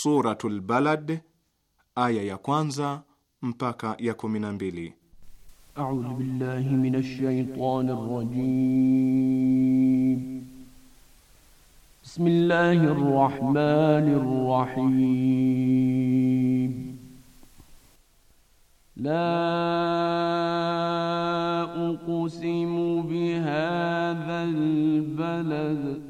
Suratul Balad aya ya kwanza mpaka ya kumi na mbili. A'udhu billahi minash shaitanir rajim. Bismillahir rahmanir rahim. La uqsimu bihadha albalad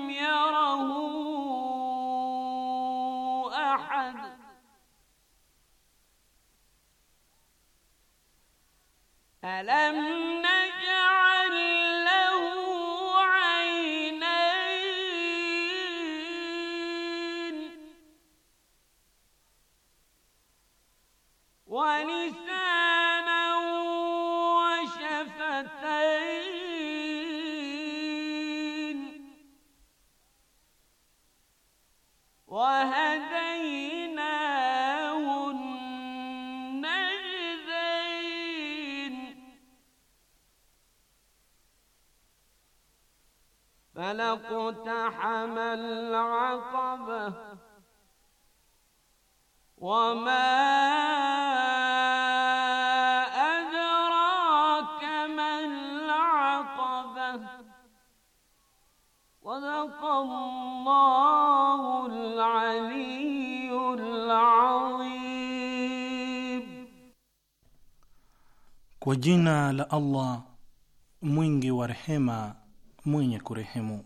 ألم نجعل له عينين ولسانا وشفتين وهل لَاقْتَحَمَ الْعَقَبَةَ وَمَا أَدْرَاكَ مَا الْعَقَبَةُ صدق الله العلي العظيم Kwa jina la Allah mwingi wa rehema mwenye kurehemu.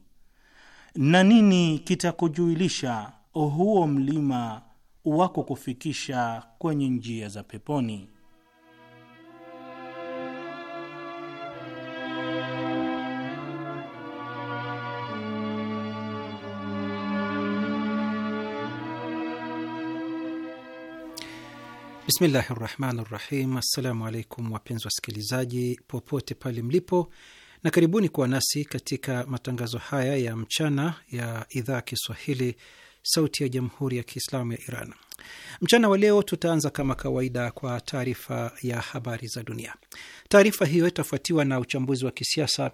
na nini kitakujuilisha huo mlima wako kufikisha kwenye njia za peponi? Bismillahi rahmani rahim. Assalamu alaikum wapenzi wasikilizaji, popote pale mlipo na karibuni kuwa nasi katika matangazo haya ya mchana ya idhaa ya Kiswahili, Sauti ya Jamhuri ya Kiislamu ya Iran. Mchana wa leo tutaanza kama kawaida kwa taarifa ya habari za dunia. Taarifa hiyo itafuatiwa na uchambuzi wa kisiasa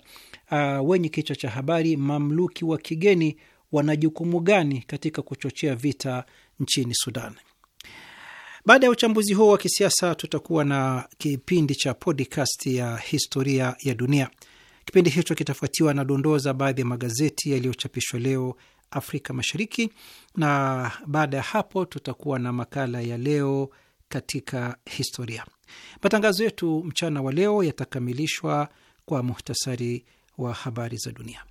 uh, wenye kichwa cha habari, mamluki wa kigeni wana jukumu gani katika kuchochea vita nchini Sudan. Baada ya uchambuzi huo wa kisiasa, tutakuwa na kipindi cha podcast ya historia ya dunia. Kipindi hicho kitafuatiwa na dondoo za baadhi ya magazeti yaliyochapishwa leo Afrika Mashariki, na baada ya hapo tutakuwa na makala ya leo katika historia. Matangazo yetu mchana wa leo yatakamilishwa kwa muhtasari wa habari za dunia.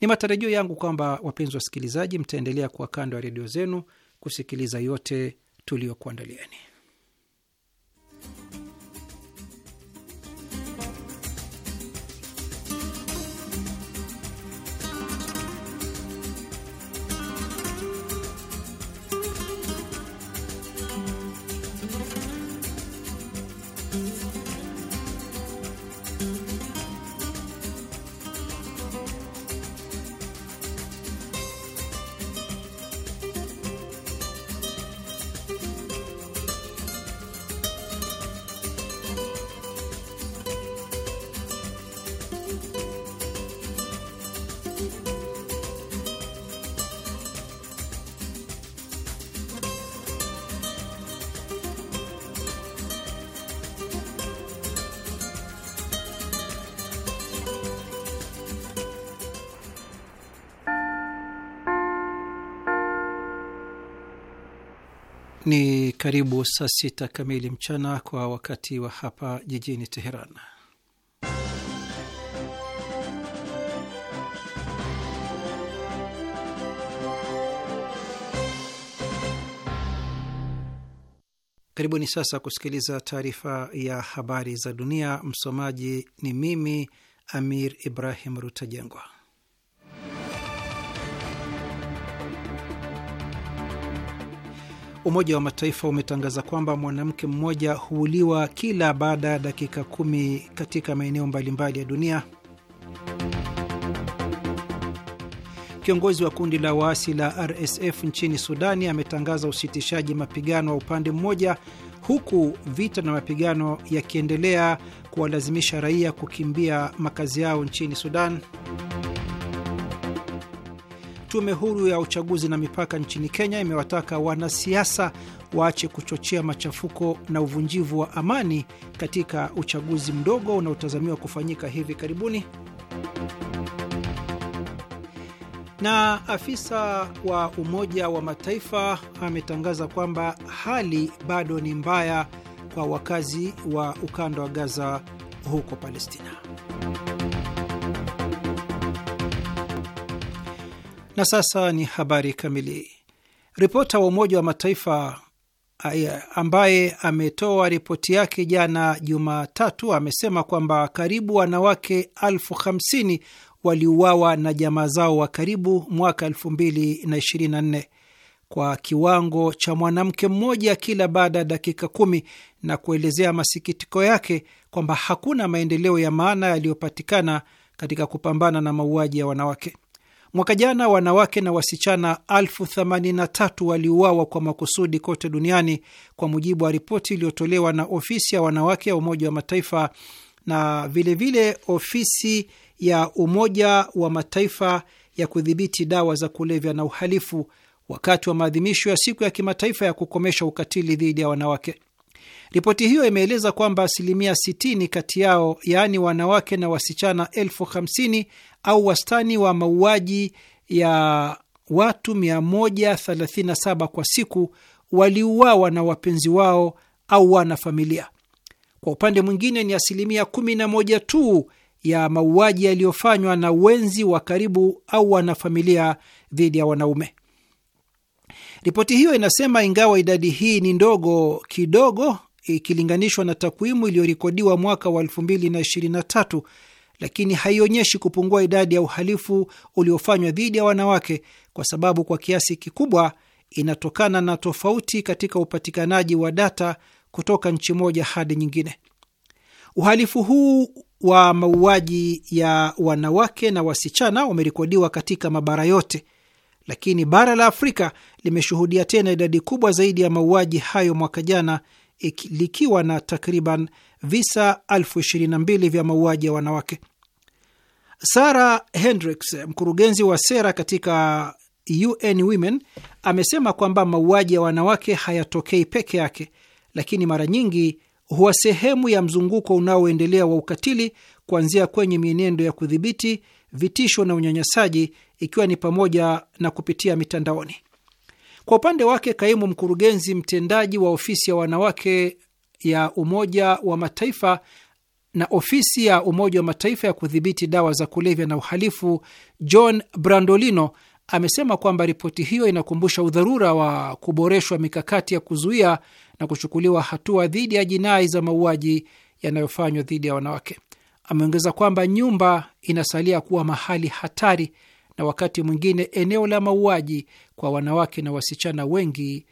Ni matarajio yangu kwamba wapenzi wa wasikilizaji, mtaendelea kuwa kando ya redio zenu kusikiliza yote tuliyokuandalieni. Ni karibu saa sita kamili mchana kwa wakati wa hapa jijini Teheran. Karibuni sasa kusikiliza taarifa ya habari za dunia. Msomaji ni mimi Amir Ibrahim Rutajengwa. Umoja wa Mataifa umetangaza kwamba mwanamke mmoja huuliwa kila baada ya dakika kumi katika maeneo mbalimbali ya dunia. Kiongozi wa kundi la waasi la RSF nchini Sudani ametangaza usitishaji mapigano wa upande mmoja, huku vita na mapigano yakiendelea kuwalazimisha raia kukimbia makazi yao nchini Sudan. Tume huru ya uchaguzi na mipaka nchini Kenya imewataka wanasiasa waache kuchochea machafuko na uvunjivu wa amani katika uchaguzi mdogo unaotazamiwa kufanyika hivi karibuni. Na afisa wa Umoja wa Mataifa ametangaza kwamba hali bado ni mbaya kwa wakazi wa ukanda wa Gaza huko Palestina. Na sasa ni habari kamili. Ripota wa Umoja wa Mataifa ambaye ametoa ripoti yake jana Jumatatu amesema kwamba karibu wanawake elfu hamsini waliuawa na jamaa zao wa karibu mwaka 2024 kwa kiwango cha mwanamke mmoja kila baada ya dakika kumi, na kuelezea masikitiko yake kwamba hakuna maendeleo ya maana yaliyopatikana katika kupambana na mauaji ya wanawake. Mwaka jana wanawake na wasichana elfu themanini na tatu waliuawa kwa makusudi kote duniani kwa mujibu wa ripoti iliyotolewa na ofisi ya wanawake ya Umoja wa Mataifa na vilevile vile ofisi ya Umoja wa Mataifa ya kudhibiti dawa za kulevya na uhalifu wakati wa maadhimisho ya siku ya kimataifa ya kukomesha ukatili dhidi ya wanawake. Ripoti hiyo imeeleza kwamba asilimia 60 kati yao, yaani wanawake na wasichana elfu hamsini au wastani wa mauaji ya watu 137 kwa siku waliuawa na wapenzi wao au wanafamilia. Kwa upande mwingine, ni asilimia 11 tu ya mauaji yaliyofanywa na wenzi wa karibu au wanafamilia dhidi ya wanaume. Ripoti hiyo inasema ingawa idadi hii ni ndogo kidogo ikilinganishwa na takwimu iliyorekodiwa mwaka wa 2023, lakini haionyeshi kupungua idadi ya uhalifu uliofanywa dhidi ya wanawake, kwa sababu kwa kiasi kikubwa inatokana na tofauti katika upatikanaji wa data kutoka nchi moja hadi nyingine. Uhalifu huu wa mauaji ya wanawake na wasichana umerekodiwa katika mabara yote, lakini bara la Afrika limeshuhudia tena idadi kubwa zaidi ya mauaji hayo mwaka jana likiwa na takriban visa elfu ishirini na mbili vya mauaji ya wanawake. Sara Hendricks, mkurugenzi wa sera katika UN Women, amesema kwamba mauaji ya wanawake hayatokei peke yake, lakini mara nyingi huwa sehemu ya mzunguko unaoendelea wa ukatili, kuanzia kwenye mienendo ya kudhibiti, vitisho na unyanyasaji, ikiwa ni pamoja na kupitia mitandaoni. Kwa upande wake, kaimu mkurugenzi mtendaji wa ofisi ya wanawake ya Umoja wa Mataifa na ofisi ya Umoja wa Mataifa ya kudhibiti dawa za kulevya na uhalifu, John Brandolino amesema kwamba ripoti hiyo inakumbusha udharura wa kuboreshwa mikakati ya kuzuia na kuchukuliwa hatua dhidi ya jinai za mauaji yanayofanywa dhidi ya wanawake. Ameongeza kwamba nyumba inasalia kuwa mahali hatari na wakati mwingine eneo la mauaji kwa wanawake na wasichana wengi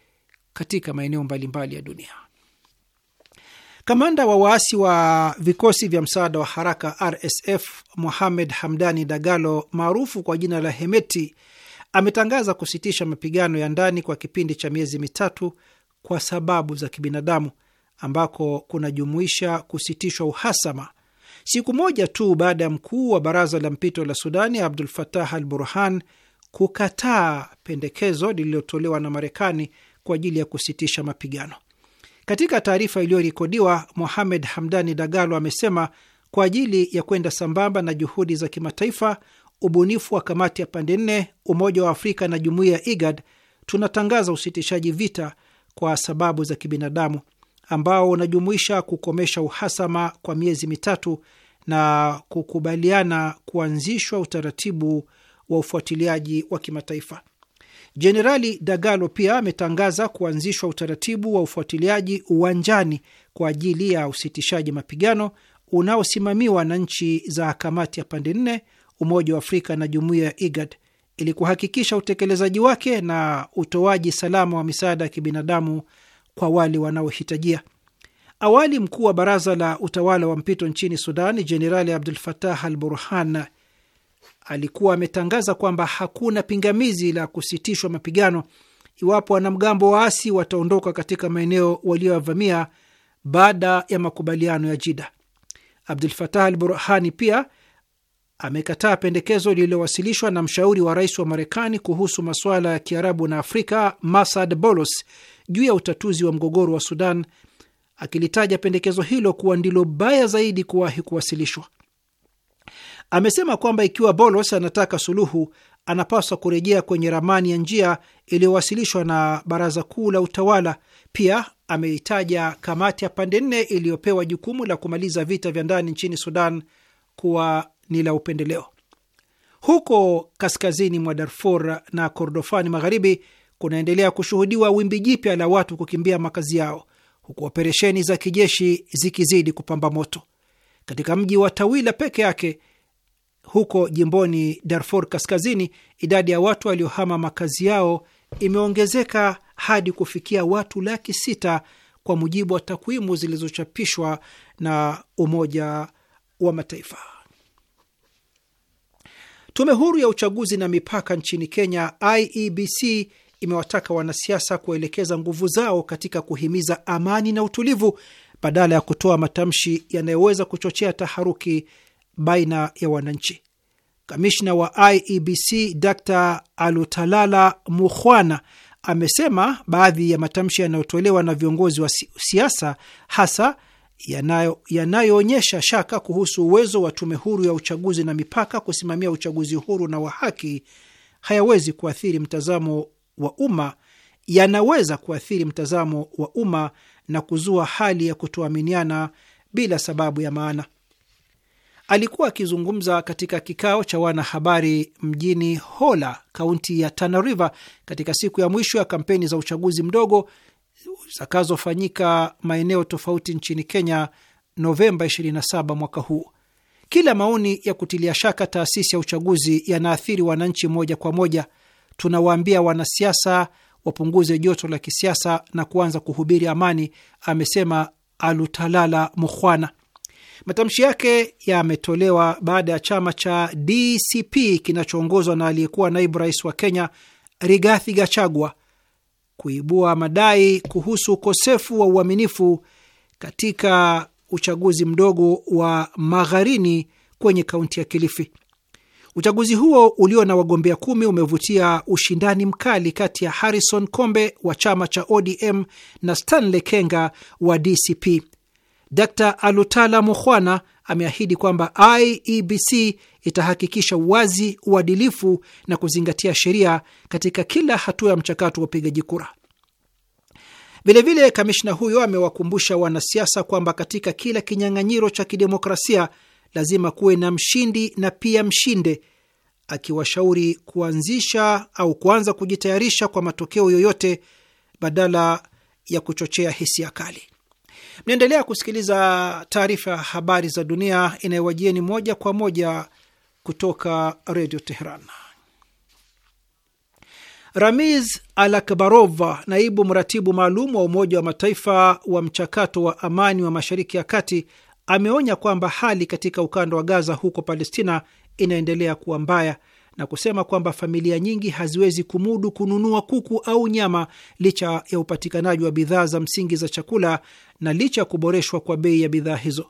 katika maeneo mbalimbali ya dunia. Kamanda wa waasi wa vikosi vya msaada wa haraka RSF Mohamed Hamdani Dagalo maarufu kwa jina la Hemeti ametangaza kusitisha mapigano ya ndani kwa kipindi cha miezi mitatu kwa sababu za kibinadamu, ambako kunajumuisha kusitishwa uhasama, siku moja tu baada ya mkuu wa baraza la mpito la Sudani Abdul Fatah al Burhan kukataa pendekezo lililotolewa na Marekani kwa ajili ya kusitisha mapigano. Katika taarifa iliyorekodiwa, Mohamed Hamdani Dagalo amesema kwa ajili ya kwenda sambamba na juhudi za kimataifa, ubunifu wa kamati ya pande nne, Umoja wa Afrika na jumuiya ya IGAD, tunatangaza usitishaji vita kwa sababu za kibinadamu ambao unajumuisha kukomesha uhasama kwa miezi mitatu na kukubaliana kuanzishwa utaratibu wa ufuatiliaji wa kimataifa. Jenerali Dagalo pia ametangaza kuanzishwa utaratibu wa ufuatiliaji uwanjani kwa ajili ya usitishaji mapigano unaosimamiwa na nchi za kamati ya pande nne, Umoja wa Afrika na jumuiya ya IGAD ili kuhakikisha utekelezaji wake na utoaji salama wa misaada ya kibinadamu kwa wale wanaohitajia. Awali mkuu wa baraza la utawala wa mpito nchini Sudan Jenerali Abdul Fatah al Burhan alikuwa ametangaza kwamba hakuna pingamizi la kusitishwa mapigano iwapo wanamgambo waasi wataondoka katika maeneo walioyavamia baada ya makubaliano ya Jida. Abdul Fatah al Burhani pia amekataa pendekezo lililowasilishwa na mshauri wa rais wa Marekani kuhusu masuala ya Kiarabu na Afrika, Masad Bolos, juu ya utatuzi wa mgogoro wa Sudan, akilitaja pendekezo hilo kuwa ndilo baya zaidi kuwahi kuwasilishwa. Amesema kwamba ikiwa Bolos anataka suluhu, anapaswa kurejea kwenye ramani ya njia iliyowasilishwa na Baraza Kuu la Utawala. Pia ameitaja kamati ya pande nne iliyopewa jukumu la kumaliza vita vya ndani nchini Sudan kuwa ni la upendeleo. Huko kaskazini mwa Darfur na Kordofani Magharibi kunaendelea kushuhudiwa wimbi jipya la watu kukimbia makazi yao huku operesheni za kijeshi zikizidi kupamba moto. Katika mji wa Tawila peke yake huko jimboni Darfur Kaskazini, idadi ya watu waliohama makazi yao imeongezeka hadi kufikia watu laki sita kwa mujibu wa takwimu zilizochapishwa na Umoja wa Mataifa. Tume huru ya uchaguzi na mipaka nchini Kenya, IEBC, imewataka wanasiasa kuelekeza nguvu zao katika kuhimiza amani na utulivu badala ya kutoa matamshi yanayoweza kuchochea taharuki baina ya wananchi. Kamishna wa IEBC Dr Alutalala Mukhwana amesema baadhi ya matamshi yanayotolewa na viongozi wa siasa hasa yanayoonyesha shaka kuhusu uwezo wa tume huru ya uchaguzi na mipaka kusimamia uchaguzi huru na wa haki hayawezi kuathiri mtazamo wa umma, yanaweza kuathiri mtazamo wa umma na kuzua hali ya kutoaminiana bila sababu ya maana. Alikuwa akizungumza katika kikao cha wanahabari mjini Hola, kaunti ya Tana River, katika siku ya mwisho ya kampeni za uchaguzi mdogo zitakazofanyika maeneo tofauti nchini Kenya Novemba 27 mwaka huu. Kila maoni ya kutilia shaka taasisi ya uchaguzi yanaathiri wananchi moja kwa moja. Tunawaambia wanasiasa wapunguze joto la kisiasa na kuanza kuhubiri amani, amesema Alutalala Mukhwana, Matamshi yake yametolewa baada ya chama cha DCP kinachoongozwa na aliyekuwa naibu rais wa Kenya Rigathi Gachagua kuibua madai kuhusu ukosefu wa uaminifu katika uchaguzi mdogo wa Magharini kwenye kaunti ya Kilifi. Uchaguzi huo ulio na wagombea kumi umevutia ushindani mkali kati ya Harrison Kombe wa chama cha ODM na Stanley Kenga wa DCP Dr Alutala Mukhwana ameahidi kwamba IEBC itahakikisha uwazi, uadilifu na kuzingatia sheria katika kila hatua ya mchakato wa upigaji kura. Vilevile, kamishna huyo amewakumbusha wanasiasa kwamba katika kila kinyang'anyiro cha kidemokrasia lazima kuwe na mshindi na pia mshinde, akiwashauri kuanzisha au kuanza kujitayarisha kwa matokeo yoyote badala ya kuchochea hisia kali. Mnaendelea kusikiliza taarifa ya habari za dunia inayowajieni moja kwa moja kutoka redio Teheran. Ramiz Alakbarova, naibu mratibu maalum wa Umoja wa Mataifa wa mchakato wa amani wa Mashariki ya Kati, ameonya kwamba hali katika ukanda wa Gaza huko Palestina inaendelea kuwa mbaya na kusema kwamba familia nyingi haziwezi kumudu kununua kuku au nyama licha ya upatikanaji wa bidhaa za msingi za chakula na licha ya kuboreshwa kwa bei ya bidhaa hizo.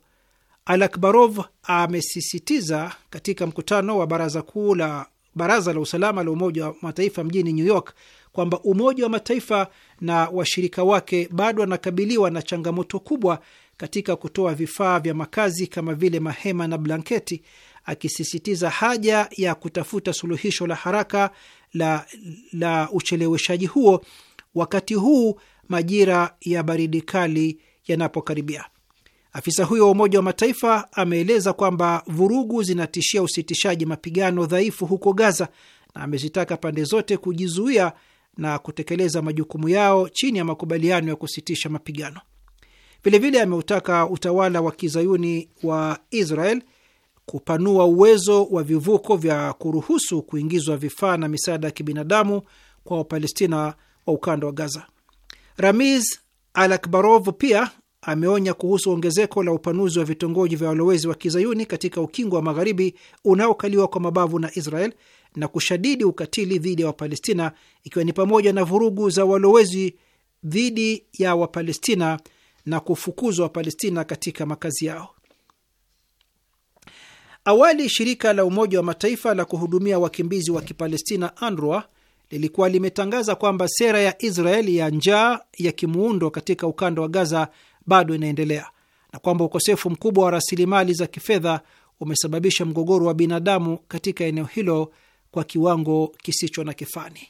Alakbarov amesisitiza katika mkutano wa baraza kuu la baraza la usalama la Umoja wa Mataifa mjini New York kwamba Umoja wa Mataifa na washirika wake bado wanakabiliwa na changamoto kubwa katika kutoa vifaa vya makazi kama vile mahema na blanketi akisisitiza haja ya kutafuta suluhisho la haraka la, la ucheleweshaji huo wakati huu majira ya baridi kali yanapokaribia. Afisa huyo wa Umoja wa Mataifa ameeleza kwamba vurugu zinatishia usitishaji mapigano dhaifu huko Gaza na amezitaka pande zote kujizuia na kutekeleza majukumu yao chini ya makubaliano ya kusitisha mapigano. Vilevile ameutaka utawala wa kizayuni wa Israel kupanua uwezo wa vivuko vya kuruhusu kuingizwa vifaa na misaada ya kibinadamu kwa Wapalestina wa ukanda wa Gaza. Ramiz Alakbarov pia ameonya kuhusu ongezeko la upanuzi wa vitongoji vya walowezi wa kizayuni katika ukingo wa magharibi unaokaliwa kwa mabavu na Israel na kushadidi ukatili dhidi ya Wapalestina, ikiwa ni pamoja na vurugu za walowezi dhidi ya Wapalestina na kufukuzwa Wapalestina katika makazi yao. Awali shirika la Umoja wa Mataifa la kuhudumia wakimbizi wa Kipalestina, UNRWA, lilikuwa limetangaza kwamba sera ya Israeli ya njaa ya kimuundo katika ukanda wa Gaza bado inaendelea na kwamba ukosefu mkubwa wa rasilimali za kifedha umesababisha mgogoro wa binadamu katika eneo hilo kwa kiwango kisicho na kifani.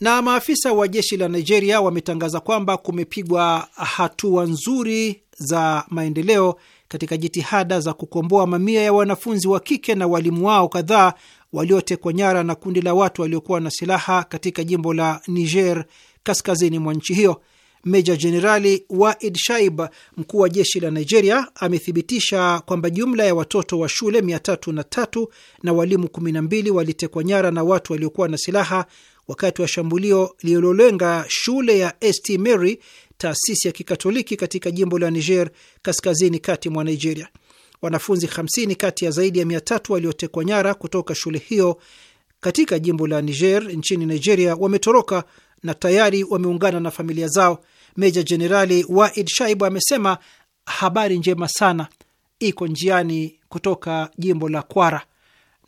Na maafisa wa jeshi la Nigeria wametangaza kwamba kumepigwa hatua nzuri za maendeleo katika jitihada za kukomboa mamia ya wanafunzi wa kike na walimu wao kadhaa waliotekwa nyara na kundi la watu waliokuwa na silaha katika jimbo la Niger kaskazini mwa nchi hiyo. Meja Jenerali Waid Shaib, mkuu wa jeshi la Nigeria, amethibitisha kwamba jumla ya watoto wa shule 303 na walimu 12 walitekwa nyara na watu waliokuwa na silaha wakati wa shambulio lililolenga shule ya St Mary, taasisi ya kikatoliki katika jimbo la Niger kaskazini kati mwa Nigeria. Wanafunzi 50 kati ya zaidi ya 300 waliotekwa nyara kutoka shule hiyo katika jimbo la Niger nchini Nigeria wametoroka na tayari wameungana na familia zao. Meja Jenerali Waid Shaibu amesema habari njema sana iko njiani kutoka jimbo la Kwara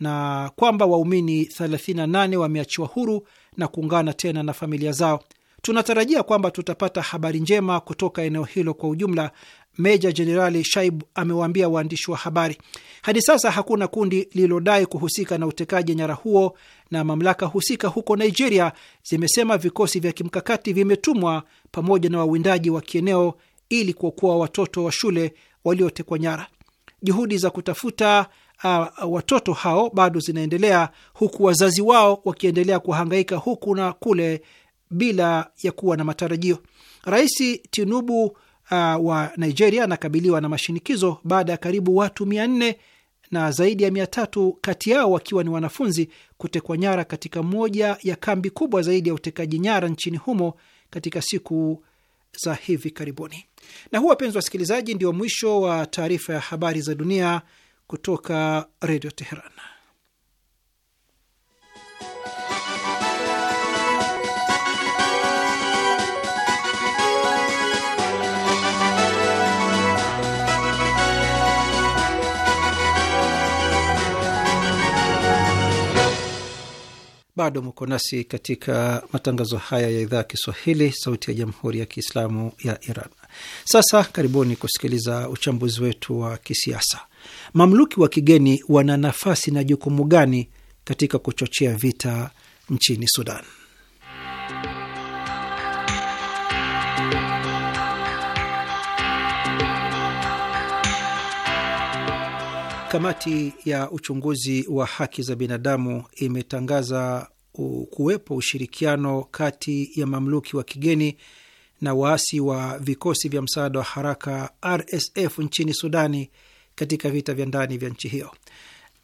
na kwamba waumini 38 wameachiwa huru na kuungana tena na familia zao. Tunatarajia kwamba tutapata habari njema kutoka eneo hilo kwa ujumla, Meja Jenerali Shaib amewaambia waandishi wa habari. Hadi sasa hakuna kundi lililodai kuhusika na utekaji nyara huo, na mamlaka husika huko Nigeria zimesema vikosi vya kimkakati vimetumwa pamoja na wawindaji wa kieneo ili kuokoa watoto wa shule waliotekwa nyara. Juhudi za kutafuta uh, watoto hao bado zinaendelea huku wazazi wao wakiendelea kuhangaika huku na kule bila ya kuwa na matarajio. Rais Tinubu uh, wa Nigeria anakabiliwa na mashinikizo baada ya karibu watu mia nne na zaidi ya mia tatu kati yao wakiwa ni wanafunzi kutekwa nyara katika moja ya kambi kubwa zaidi ya utekaji nyara nchini humo katika siku za hivi karibuni. Na huu, wapenzi wasikilizaji, ndio mwisho wa taarifa ya habari za dunia kutoka Redio Teheran. Bado mko nasi katika matangazo haya ya idhaa ya Kiswahili, sauti ya jamhuri ya kiislamu ya Iran. Sasa karibuni kusikiliza uchambuzi wetu wa kisiasa mamluki wa kigeni wana nafasi na jukumu gani katika kuchochea vita nchini Sudan? Kamati ya uchunguzi wa haki za binadamu imetangaza kuwepo ushirikiano kati ya mamluki wa kigeni na waasi wa vikosi vya msaada wa haraka RSF nchini Sudani katika vita vya ndani vya nchi hiyo.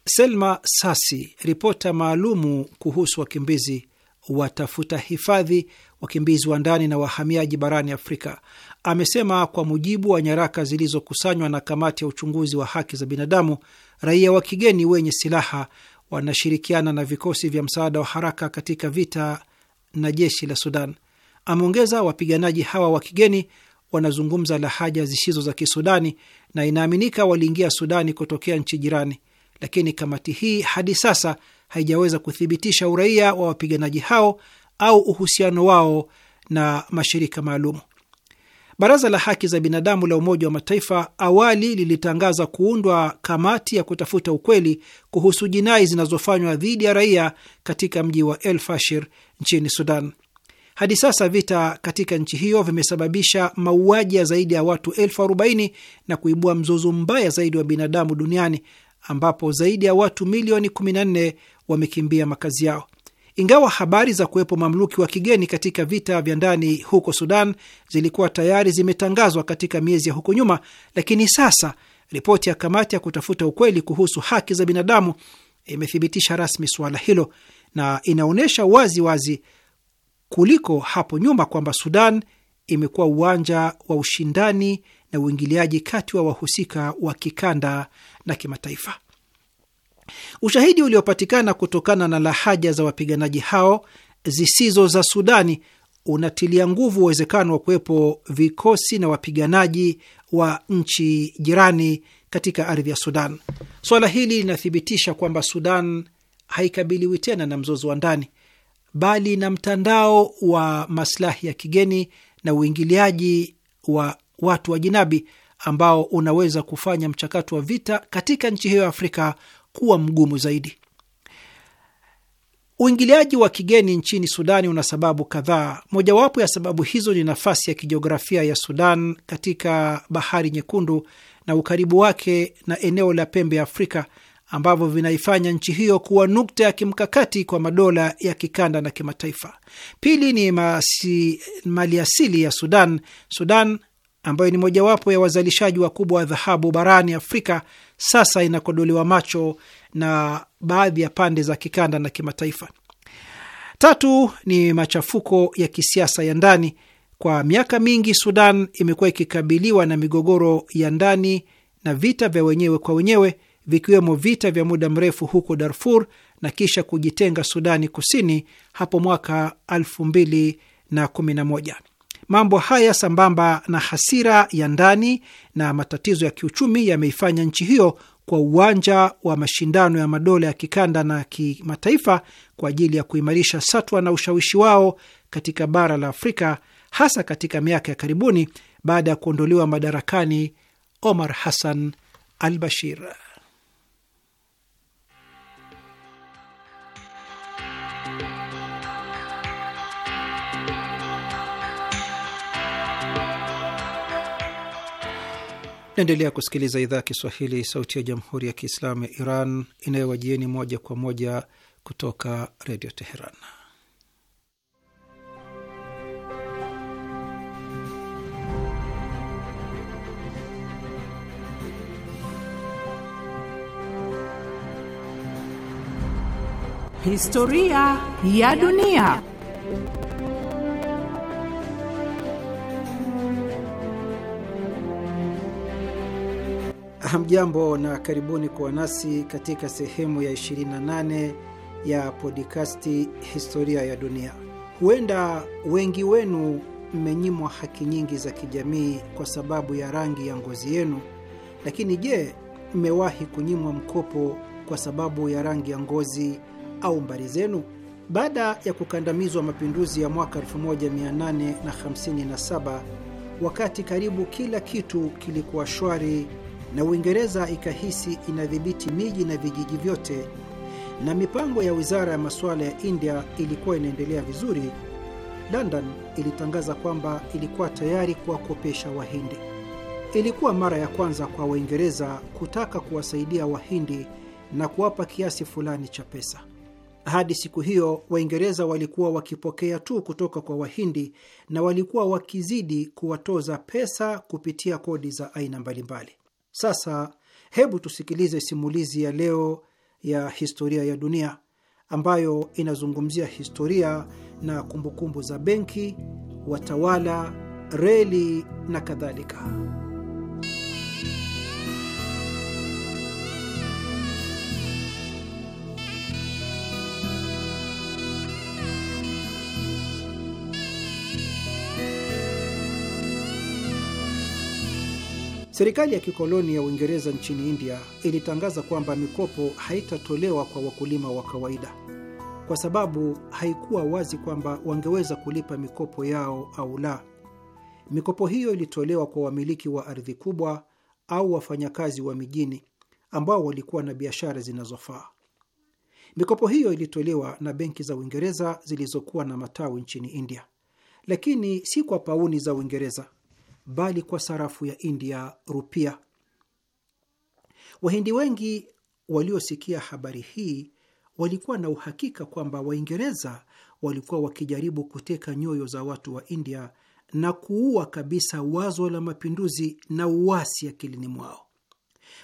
Selma Sasi, ripota maalumu kuhusu wakimbizi watafuta hifadhi, wakimbizi wa ndani na wahamiaji barani Afrika, amesema kwa mujibu wa nyaraka zilizokusanywa na kamati ya uchunguzi wa haki za binadamu, raia wa kigeni wenye silaha wanashirikiana na vikosi vya msaada wa haraka katika vita na jeshi la Sudan. Ameongeza, wapiganaji hawa wa kigeni wanazungumza lahaja zisizo za Kisudani na inaaminika waliingia Sudani kutokea nchi jirani, lakini kamati hii hadi sasa haijaweza kuthibitisha uraia wa wapiganaji hao au uhusiano wao na mashirika maalumu. Baraza la Haki za Binadamu la Umoja wa Mataifa awali lilitangaza kuundwa kamati ya kutafuta ukweli kuhusu jinai zinazofanywa dhidi ya raia katika mji wa El Fashir nchini Sudan. Hadi sasa vita katika nchi hiyo vimesababisha mauaji ya zaidi ya watu elfu arobaini na kuibua mzozo mbaya zaidi wa binadamu duniani ambapo zaidi ya watu milioni 14 wamekimbia makazi yao. Ingawa habari za kuwepo mamluki wa kigeni katika vita vya ndani huko Sudan zilikuwa tayari zimetangazwa katika miezi ya huko nyuma, lakini sasa ripoti ya kamati ya kutafuta ukweli kuhusu haki za binadamu imethibitisha rasmi suala hilo na inaonyesha wazi wazi kuliko hapo nyuma kwamba Sudan imekuwa uwanja wa ushindani na uingiliaji kati wa wahusika wa kikanda na kimataifa. Ushahidi uliopatikana kutokana na lahaja za wapiganaji hao zisizo za Sudani unatilia nguvu uwezekano wa kuwepo vikosi na wapiganaji wa nchi jirani katika ardhi ya Sudan. Swala hili linathibitisha kwamba Sudan haikabiliwi tena na mzozo wa ndani bali na mtandao wa maslahi ya kigeni na uingiliaji wa watu wa jinabi ambao unaweza kufanya mchakato wa vita katika nchi hiyo ya Afrika kuwa mgumu zaidi. Uingiliaji wa kigeni nchini Sudani una sababu kadhaa. Mojawapo ya sababu hizo ni nafasi ya kijiografia ya Sudan katika Bahari Nyekundu na ukaribu wake na eneo la pembe ya Afrika ambavyo vinaifanya nchi hiyo kuwa nukta ya kimkakati kwa madola ya kikanda na kimataifa. Pili ni mali asili ya Sudan. Sudan ambayo ni mojawapo ya wazalishaji wakubwa wa dhahabu barani Afrika sasa inakodoliwa macho na baadhi ya pande za kikanda na kimataifa. Tatu ni machafuko ya kisiasa ya ndani. Kwa miaka mingi, Sudan imekuwa ikikabiliwa na migogoro ya ndani na vita vya wenyewe kwa wenyewe vikiwemo vita vya muda mrefu huko Darfur na kisha kujitenga Sudani Kusini hapo mwaka 2011. Mambo haya sambamba na hasira ya ndani na matatizo ya kiuchumi yameifanya nchi hiyo kwa uwanja wa mashindano ya madola ya kikanda na kimataifa kwa ajili ya kuimarisha satwa na ushawishi wao katika bara la Afrika, hasa katika miaka ya karibuni baada ya kuondolewa madarakani Omar Hassan al-Bashir. Naendelea kusikiliza idhaa ya Kiswahili, sauti ya jamhuri ya kiislamu ya Iran inayowajieni moja kwa moja kutoka redio Teheran. Historia ya dunia. Hamjambo na karibuni kuwa nasi katika sehemu ya 28 ya podikasti Historia ya Dunia. Huenda wengi wenu mmenyimwa haki nyingi za kijamii kwa sababu ya rangi ya ngozi yenu, lakini je, mmewahi kunyimwa mkopo kwa sababu ya rangi ya ngozi au mbari zenu? Baada ya kukandamizwa mapinduzi ya mwaka 1857 wakati karibu kila kitu kilikuwa shwari na Uingereza ikahisi inadhibiti miji na vijiji vyote, na mipango ya wizara ya masuala ya India ilikuwa inaendelea vizuri, London ilitangaza kwamba ilikuwa tayari kuwakopesha Wahindi. Ilikuwa mara ya kwanza kwa Waingereza kutaka kuwasaidia Wahindi na kuwapa kiasi fulani cha pesa. Hadi siku hiyo Waingereza walikuwa wakipokea tu kutoka kwa Wahindi na walikuwa wakizidi kuwatoza pesa kupitia kodi za aina mbalimbali. Sasa hebu tusikilize simulizi ya leo ya historia ya dunia ambayo inazungumzia historia na kumbukumbu za benki, watawala, reli na kadhalika. Serikali ya kikoloni ya Uingereza nchini India ilitangaza kwamba mikopo haitatolewa kwa wakulima wa kawaida kwa sababu haikuwa wazi kwamba wangeweza kulipa mikopo yao au la. Mikopo hiyo ilitolewa kwa wamiliki wa ardhi kubwa au wafanyakazi wa mijini ambao walikuwa na biashara zinazofaa. Mikopo hiyo ilitolewa na benki za Uingereza zilizokuwa na matawi nchini India, lakini si kwa pauni za Uingereza bali kwa sarafu ya India, rupia. Wahindi wengi waliosikia habari hii walikuwa na uhakika kwamba Waingereza walikuwa wakijaribu kuteka nyoyo za watu wa India na kuua kabisa wazo la mapinduzi na uasi akilini mwao.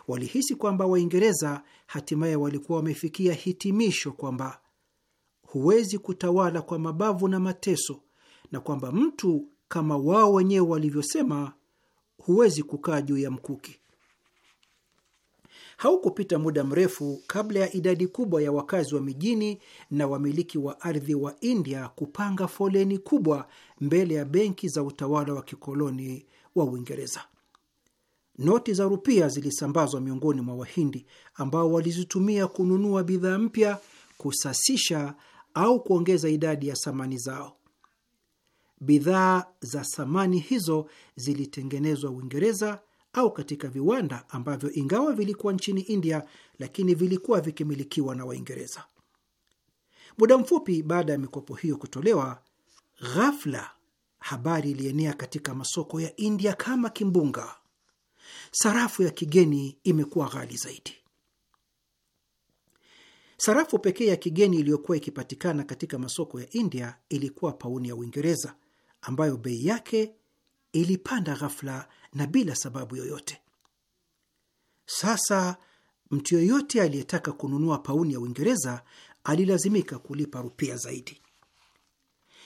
Walihisi kwamba Waingereza hatimaye walikuwa wamefikia hitimisho kwamba huwezi kutawala kwa mabavu na mateso, na kwamba mtu kama wao wenyewe walivyosema, huwezi kukaa juu ya mkuki. Haukupita muda mrefu kabla ya idadi kubwa ya wakazi wa mijini na wamiliki wa ardhi wa India kupanga foleni kubwa mbele ya benki za utawala wa kikoloni wa Uingereza. Noti za rupia zilisambazwa miongoni mwa Wahindi ambao walizitumia kununua bidhaa mpya, kusasisha au kuongeza idadi ya samani zao. Bidhaa za samani hizo zilitengenezwa Uingereza au katika viwanda ambavyo ingawa vilikuwa nchini India, lakini vilikuwa vikimilikiwa na Waingereza. Muda mfupi baada ya mikopo hiyo kutolewa, ghafla habari ilienea katika masoko ya India kama kimbunga: sarafu ya kigeni imekuwa ghali zaidi. Sarafu pekee ya kigeni iliyokuwa ikipatikana katika masoko ya India ilikuwa pauni ya Uingereza ambayo bei yake ilipanda ghafla na bila sababu yoyote. Sasa mtu yoyote aliyetaka kununua pauni ya Uingereza alilazimika kulipa rupia zaidi.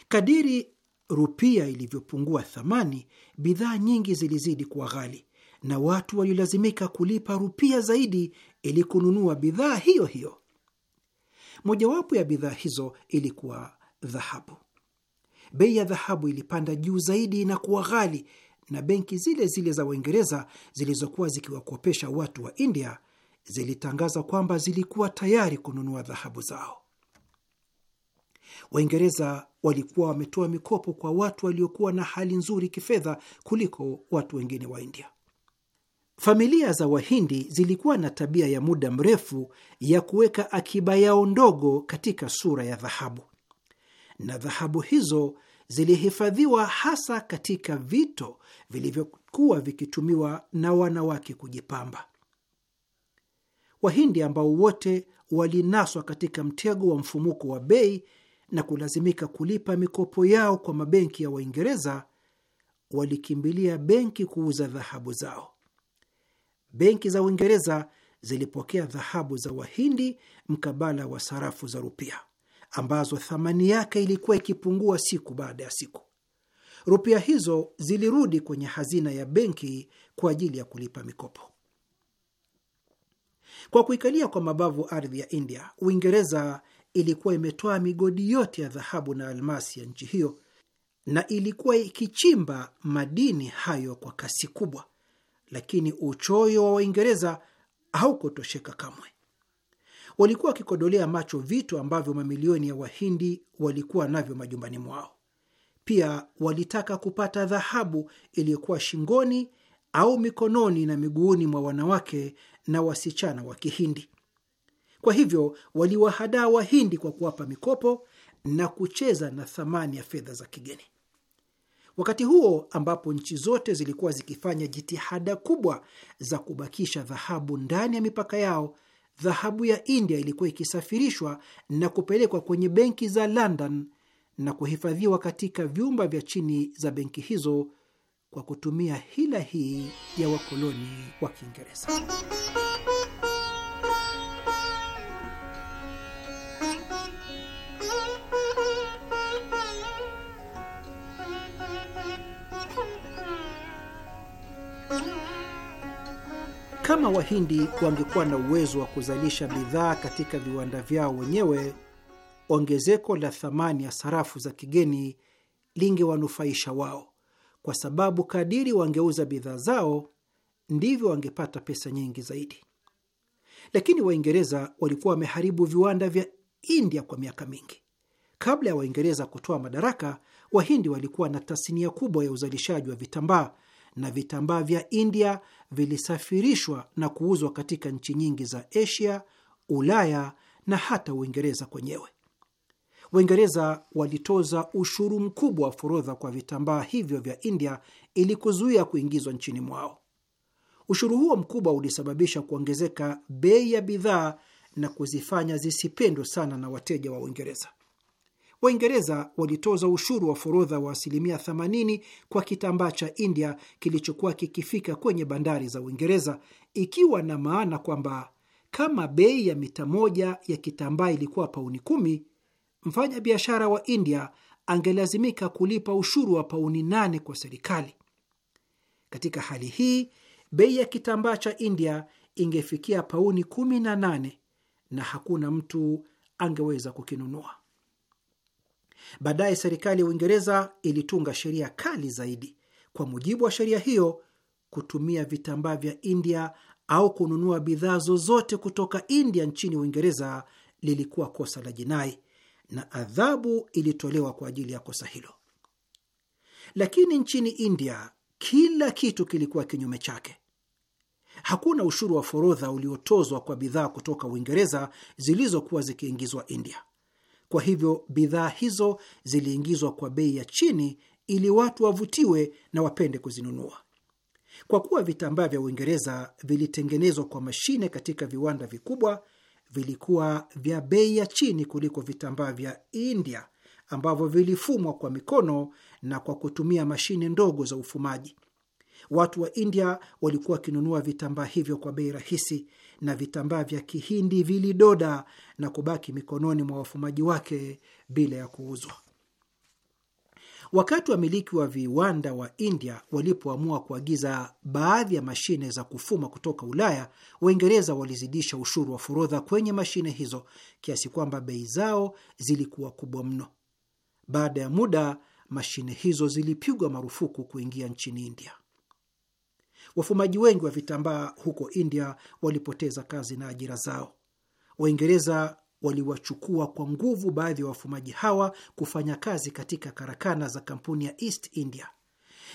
Kadiri rupia ilivyopungua thamani, bidhaa nyingi zilizidi kuwa ghali na watu walilazimika kulipa rupia zaidi ili kununua bidhaa hiyo hiyo. Mojawapo ya bidhaa hizo ilikuwa dhahabu bei ya dhahabu ilipanda juu zaidi na kuwa ghali, na benki zile zile za Uingereza zilizokuwa zikiwakopesha watu wa India zilitangaza kwamba zilikuwa tayari kununua dhahabu zao. Waingereza walikuwa wametoa mikopo kwa watu waliokuwa na hali nzuri kifedha kuliko watu wengine wa India. Familia za Wahindi zilikuwa na tabia ya muda mrefu ya kuweka akiba yao ndogo katika sura ya dhahabu na dhahabu hizo zilihifadhiwa hasa katika vito vilivyokuwa vikitumiwa na wanawake kujipamba. Wahindi ambao wote walinaswa katika mtego wa mfumuko wa bei na kulazimika kulipa mikopo yao kwa mabenki ya Waingereza walikimbilia benki kuuza dhahabu zao. Benki za Uingereza zilipokea dhahabu za Wahindi mkabala wa sarafu za rupia ambazo thamani yake ilikuwa ikipungua siku baada ya siku. Rupia hizo zilirudi kwenye hazina ya benki kwa ajili ya kulipa mikopo. Kwa kuikalia kwa mabavu ardhi ya India, Uingereza ilikuwa imetoa migodi yote ya dhahabu na almasi ya nchi hiyo na ilikuwa ikichimba madini hayo kwa kasi kubwa, lakini uchoyo wa Waingereza haukutosheka kamwe walikuwa wakikodolea macho vitu ambavyo mamilioni ya Wahindi walikuwa navyo majumbani mwao. Pia walitaka kupata dhahabu iliyokuwa shingoni au mikononi na miguuni mwa wanawake na wasichana wa Kihindi. Kwa hivyo waliwahadaa Wahindi kwa kuwapa mikopo na kucheza na thamani ya fedha za kigeni. Wakati huo ambapo nchi zote zilikuwa zikifanya jitihada kubwa za kubakisha dhahabu ndani ya mipaka yao, dhahabu ya India ilikuwa ikisafirishwa na kupelekwa kwenye benki za London na kuhifadhiwa katika vyumba vya chini za benki hizo kwa kutumia hila hii ya wakoloni wa Kiingereza. Kama Wahindi wangekuwa na uwezo wa kuzalisha bidhaa katika viwanda vyao wenyewe, ongezeko la thamani ya sarafu za kigeni lingewanufaisha wao, kwa sababu kadiri wangeuza bidhaa zao ndivyo wangepata pesa nyingi zaidi. Lakini Waingereza walikuwa wameharibu viwanda vya India kwa miaka mingi. Kabla ya Waingereza kutoa madaraka, Wahindi walikuwa na tasnia kubwa ya uzalishaji wa vitambaa na vitambaa vya India vilisafirishwa na kuuzwa katika nchi nyingi za Asia, Ulaya na hata Uingereza kwenyewe. Waingereza walitoza ushuru mkubwa wa forodha kwa vitambaa hivyo vya India ili kuzuia kuingizwa nchini mwao. Ushuru huo mkubwa ulisababisha kuongezeka bei ya bidhaa na kuzifanya zisipendwe sana na wateja wa Uingereza. Waingereza walitoza ushuru wa forodha wa asilimia 80 kwa kitambaa cha India kilichokuwa kikifika kwenye bandari za Uingereza, ikiwa na maana kwamba kama bei ya mita moja ya kitambaa ilikuwa pauni kumi, mfanya biashara wa India angelazimika kulipa ushuru wa pauni nane kwa serikali. Katika hali hii, bei ya kitambaa cha India ingefikia pauni kumi na nane na hakuna mtu angeweza kukinunua. Baadaye serikali ya Uingereza ilitunga sheria kali zaidi. Kwa mujibu wa sheria hiyo, kutumia vitambaa vya India au kununua bidhaa zozote kutoka India nchini Uingereza lilikuwa kosa la jinai na adhabu ilitolewa kwa ajili ya kosa hilo. Lakini nchini India kila kitu kilikuwa kinyume chake. Hakuna ushuru wa forodha uliotozwa kwa bidhaa kutoka Uingereza zilizokuwa zikiingizwa India. Kwa hivyo bidhaa hizo ziliingizwa kwa bei ya chini ili watu wavutiwe na wapende kuzinunua. Kwa kuwa vitambaa vya Uingereza vilitengenezwa kwa mashine katika viwanda vikubwa, vilikuwa vya bei ya chini kuliko vitambaa vya India ambavyo vilifumwa kwa mikono na kwa kutumia mashine ndogo za ufumaji. Watu wa India walikuwa wakinunua vitambaa hivyo kwa bei rahisi, na vitambaa vya Kihindi vilidoda na kubaki mikononi mwa wafumaji wake bila ya kuuzwa. Wakati wamiliki wa viwanda wa India walipoamua kuagiza baadhi ya mashine za kufuma kutoka Ulaya, Waingereza walizidisha ushuru wa forodha kwenye mashine hizo kiasi kwamba bei zao zilikuwa kubwa mno. Baada ya muda, mashine hizo zilipigwa marufuku kuingia nchini India wafumaji wengi wa vitambaa huko India walipoteza kazi na ajira zao. Waingereza waliwachukua kwa nguvu baadhi ya wafumaji hawa kufanya kazi katika karakana za kampuni ya East India.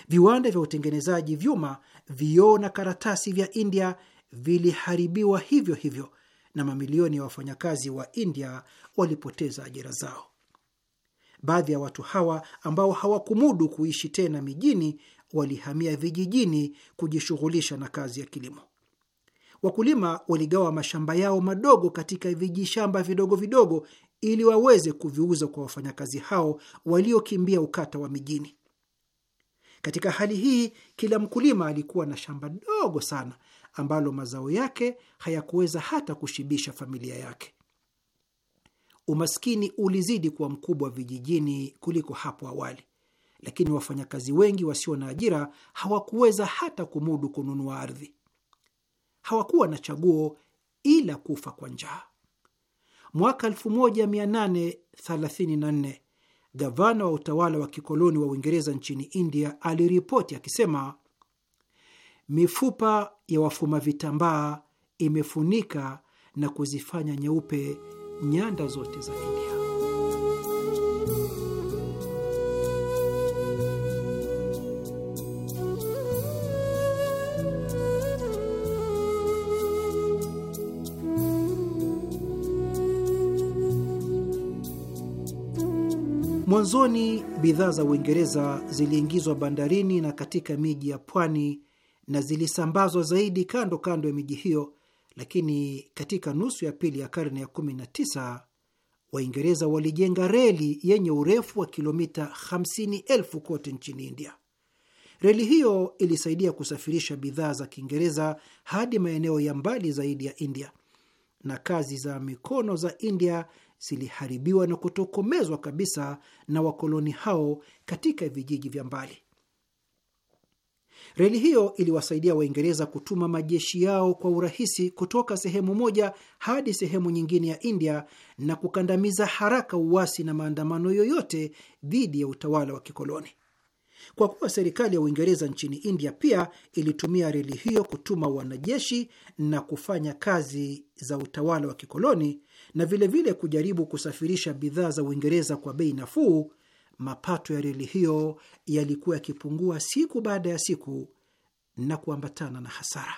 Viwanda vya utengenezaji vyuma, vioo na karatasi vya India viliharibiwa hivyo hivyo na mamilioni ya wafanyakazi wa India walipoteza ajira zao. Baadhi ya watu hawa ambao hawakumudu kuishi tena mijini walihamia vijijini kujishughulisha na kazi ya kilimo. Wakulima waligawa mashamba yao madogo katika vijishamba vidogo vidogo ili waweze kuviuza kwa wafanyakazi hao waliokimbia ukata wa mijini. Katika hali hii, kila mkulima alikuwa na shamba dogo sana ambalo mazao yake hayakuweza hata kushibisha familia yake. Umaskini ulizidi kuwa mkubwa vijijini kuliko hapo awali lakini wafanyakazi wengi wasio na ajira hawakuweza hata kumudu kununua ardhi. Hawakuwa na chaguo ila kufa kwa njaa. Mwaka 1834 gavana wa utawala wa kikoloni wa Uingereza nchini India aliripoti akisema, mifupa ya wafuma vitambaa imefunika na kuzifanya nyeupe nyanda zote za India. Mwanzoni bidhaa za Uingereza ziliingizwa bandarini na katika miji ya pwani na zilisambazwa zaidi kando kando ya miji hiyo, lakini katika nusu ya pili ya karne ya 19 Waingereza walijenga reli yenye urefu wa kilomita 50,000 kote nchini India. Reli hiyo ilisaidia kusafirisha bidhaa za Kiingereza hadi maeneo ya mbali zaidi ya India, na kazi za mikono za India ziliharibiwa na kutokomezwa kabisa na wakoloni hao katika vijiji vya mbali. Reli hiyo iliwasaidia Waingereza kutuma majeshi yao kwa urahisi kutoka sehemu moja hadi sehemu nyingine ya India na kukandamiza haraka uasi na maandamano yoyote dhidi ya utawala wa kikoloni. Kwa kuwa serikali ya Uingereza nchini India pia ilitumia reli hiyo kutuma wanajeshi na kufanya kazi za utawala wa kikoloni, na vilevile vile kujaribu kusafirisha bidhaa za Uingereza kwa bei nafuu, mapato ya reli hiyo yalikuwa yakipungua siku baada ya siku na kuambatana na hasara.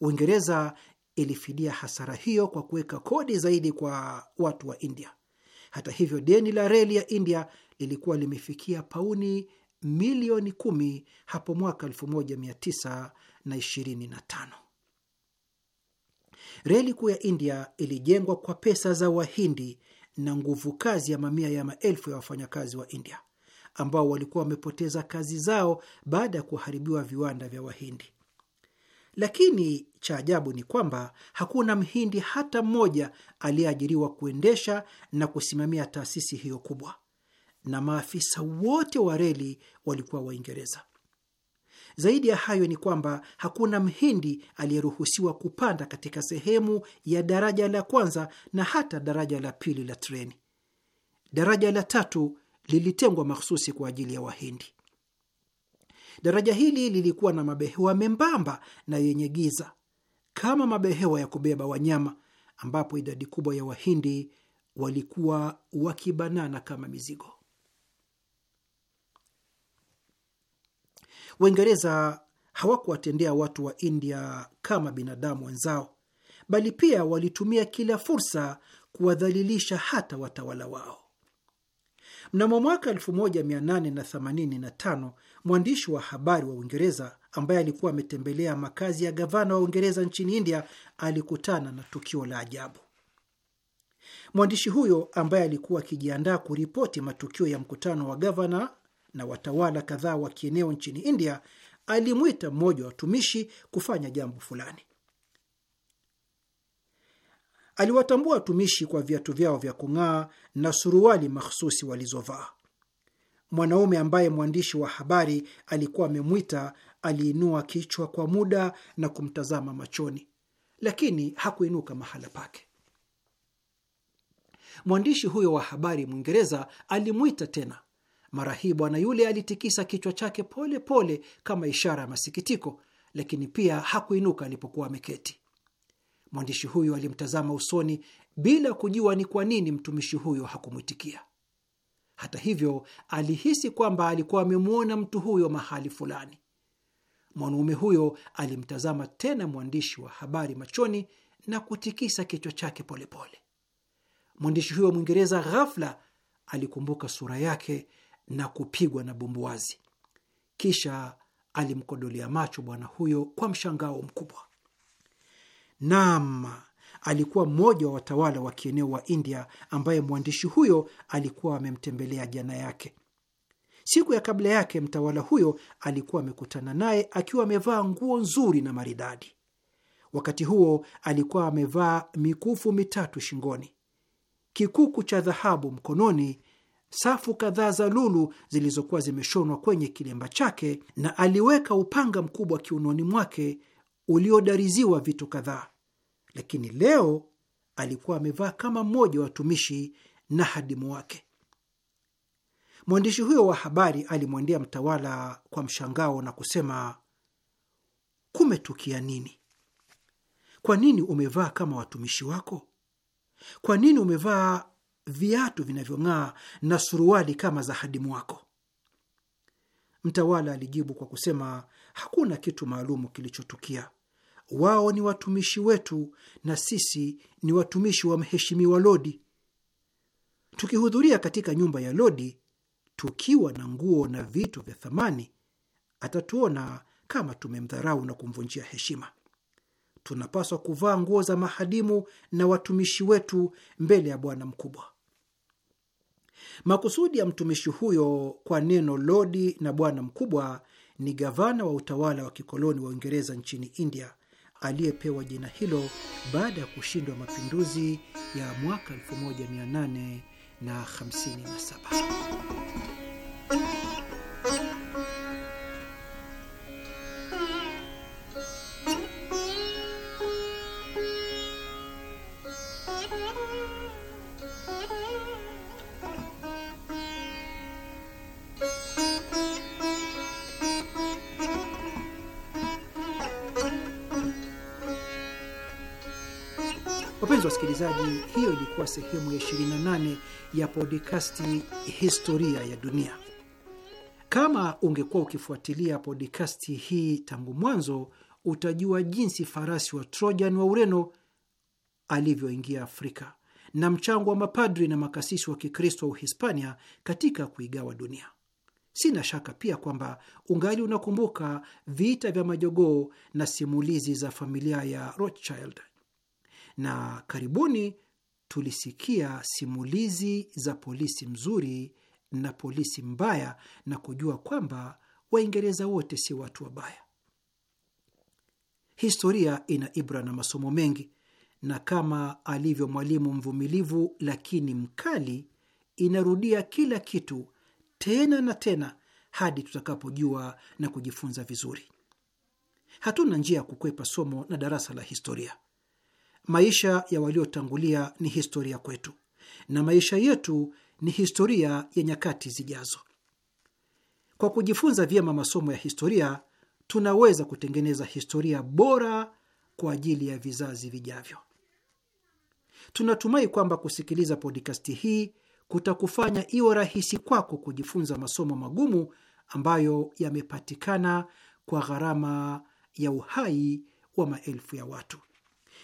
Uingereza ilifidia hasara hiyo kwa kuweka kodi zaidi kwa watu wa India. Hata hivyo, deni la reli ya India lilikuwa limefikia pauni milioni kumi hapo mwaka 1925. Reli kuu ya India ilijengwa kwa pesa za Wahindi na nguvu kazi ya mamia ya maelfu ya wafanyakazi wa India ambao walikuwa wamepoteza kazi zao baada ya kuharibiwa viwanda vya Wahindi. Lakini cha ajabu ni kwamba hakuna Mhindi hata mmoja aliyeajiriwa kuendesha na kusimamia taasisi hiyo kubwa, na maafisa wote wa reli walikuwa Waingereza. Zaidi ya hayo ni kwamba hakuna mhindi aliyeruhusiwa kupanda katika sehemu ya daraja la kwanza na hata daraja la pili la treni. Daraja la tatu lilitengwa mahsusi kwa ajili ya Wahindi. Daraja hili lilikuwa na mabehewa membamba na yenye giza kama mabehewa ya kubeba wanyama, ambapo idadi kubwa ya Wahindi walikuwa wakibanana kama mizigo. Waingereza hawakuwatendea watu wa India kama binadamu wenzao, bali pia walitumia kila fursa kuwadhalilisha hata watawala wao. Mnamo mwaka 1885 mwandishi wa habari wa Uingereza ambaye alikuwa ametembelea makazi ya gavana wa Uingereza nchini India alikutana na tukio la ajabu. Mwandishi huyo ambaye alikuwa akijiandaa kuripoti matukio ya mkutano wa gavana na watawala kadhaa wa kieneo nchini India, alimwita mmoja wa watumishi kufanya jambo fulani. Aliwatambua watumishi kwa viatu vyao vya kung'aa na suruali mahsusi walizovaa. Mwanaume ambaye mwandishi wa habari alikuwa amemwita aliinua kichwa kwa muda na kumtazama machoni, lakini hakuinuka mahala pake. Mwandishi huyo wa habari Mwingereza alimwita tena, mara hii bwana yule alitikisa kichwa chake pole pole kama ishara ya masikitiko, lakini pia hakuinuka alipokuwa ameketi. Mwandishi huyo alimtazama usoni bila kujua ni kwa nini mtumishi huyo hakumwitikia. Hata hivyo, alihisi kwamba alikuwa amemwona mtu huyo mahali fulani. Mwanaume huyo alimtazama tena mwandishi wa habari machoni na kutikisa kichwa chake polepole. Mwandishi huyo Mwingereza ghafla alikumbuka sura yake na kupigwa na bumbuazi. Kisha alimkodolea macho bwana huyo kwa mshangao mkubwa. Naam, alikuwa mmoja wa watawala wa kieneo wa India ambaye mwandishi huyo alikuwa amemtembelea jana yake. Siku ya kabla yake mtawala huyo alikuwa amekutana naye akiwa amevaa nguo nzuri na maridadi. Wakati huo alikuwa amevaa mikufu mitatu shingoni, kikuku cha dhahabu mkononi safu kadhaa za lulu zilizokuwa zimeshonwa kwenye kilemba chake, na aliweka upanga mkubwa kiunoni mwake uliodariziwa vitu kadhaa. Lakini leo alikuwa amevaa kama mmoja wa watumishi na hadimu wake. Mwandishi huyo wa habari alimwendea mtawala kwa mshangao na kusema, kumetukia nini? Kwa nini umevaa kama watumishi wako? Kwa nini umevaa viatu vinavyong'aa na suruali kama za hadimu wako. Mtawala alijibu kwa kusema, hakuna kitu maalumu kilichotukia. Wao ni watumishi wetu na sisi ni watumishi wa mheshimiwa Lodi. Tukihudhuria katika nyumba ya Lodi tukiwa na nguo na vitu vya thamani, atatuona kama tumemdharau na kumvunjia heshima. Tunapaswa kuvaa nguo za mahadimu na watumishi wetu mbele ya bwana mkubwa. Makusudi ya mtumishi huyo kwa neno lodi na bwana mkubwa ni gavana wa utawala wa kikoloni wa Uingereza nchini India aliyepewa jina hilo baada ya kushindwa mapinduzi ya mwaka 1857. wasikilizaji, hiyo ilikuwa sehemu ya 28 ya podikasti Historia ya Dunia. Kama ungekuwa ukifuatilia podikasti hii tangu mwanzo, utajua jinsi farasi wa Trojan wa Ureno alivyoingia Afrika na mchango wa mapadri na makasisi wa Kikristo wa Uhispania katika kuigawa dunia. Sina shaka pia kwamba ungali unakumbuka vita vya majogoo na simulizi za familia ya Rothschild na karibuni tulisikia simulizi za polisi mzuri na polisi mbaya na kujua kwamba Waingereza wote si watu wabaya. Historia ina ibra na masomo mengi, na kama alivyo mwalimu mvumilivu lakini mkali, inarudia kila kitu tena na tena hadi tutakapojua na kujifunza vizuri. Hatuna njia ya kukwepa somo na darasa la historia. Maisha ya waliotangulia ni historia kwetu na maisha yetu ni historia ya nyakati zijazo. Kwa kujifunza vyema masomo ya historia, tunaweza kutengeneza historia bora kwa ajili ya vizazi vijavyo. Tunatumai kwamba kusikiliza podikasti hii kutakufanya iwe rahisi kwako kujifunza masomo magumu ambayo yamepatikana kwa gharama ya uhai wa maelfu ya watu.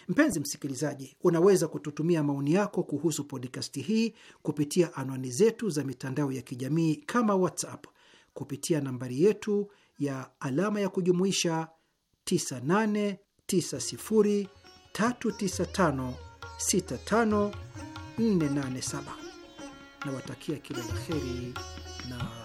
Mpenzi msikilizaji, unaweza kututumia maoni yako kuhusu podkasti hii kupitia anwani zetu za mitandao ya kijamii kama WhatsApp kupitia nambari yetu ya alama ya kujumuisha 989039565487 na watakia kila la heri na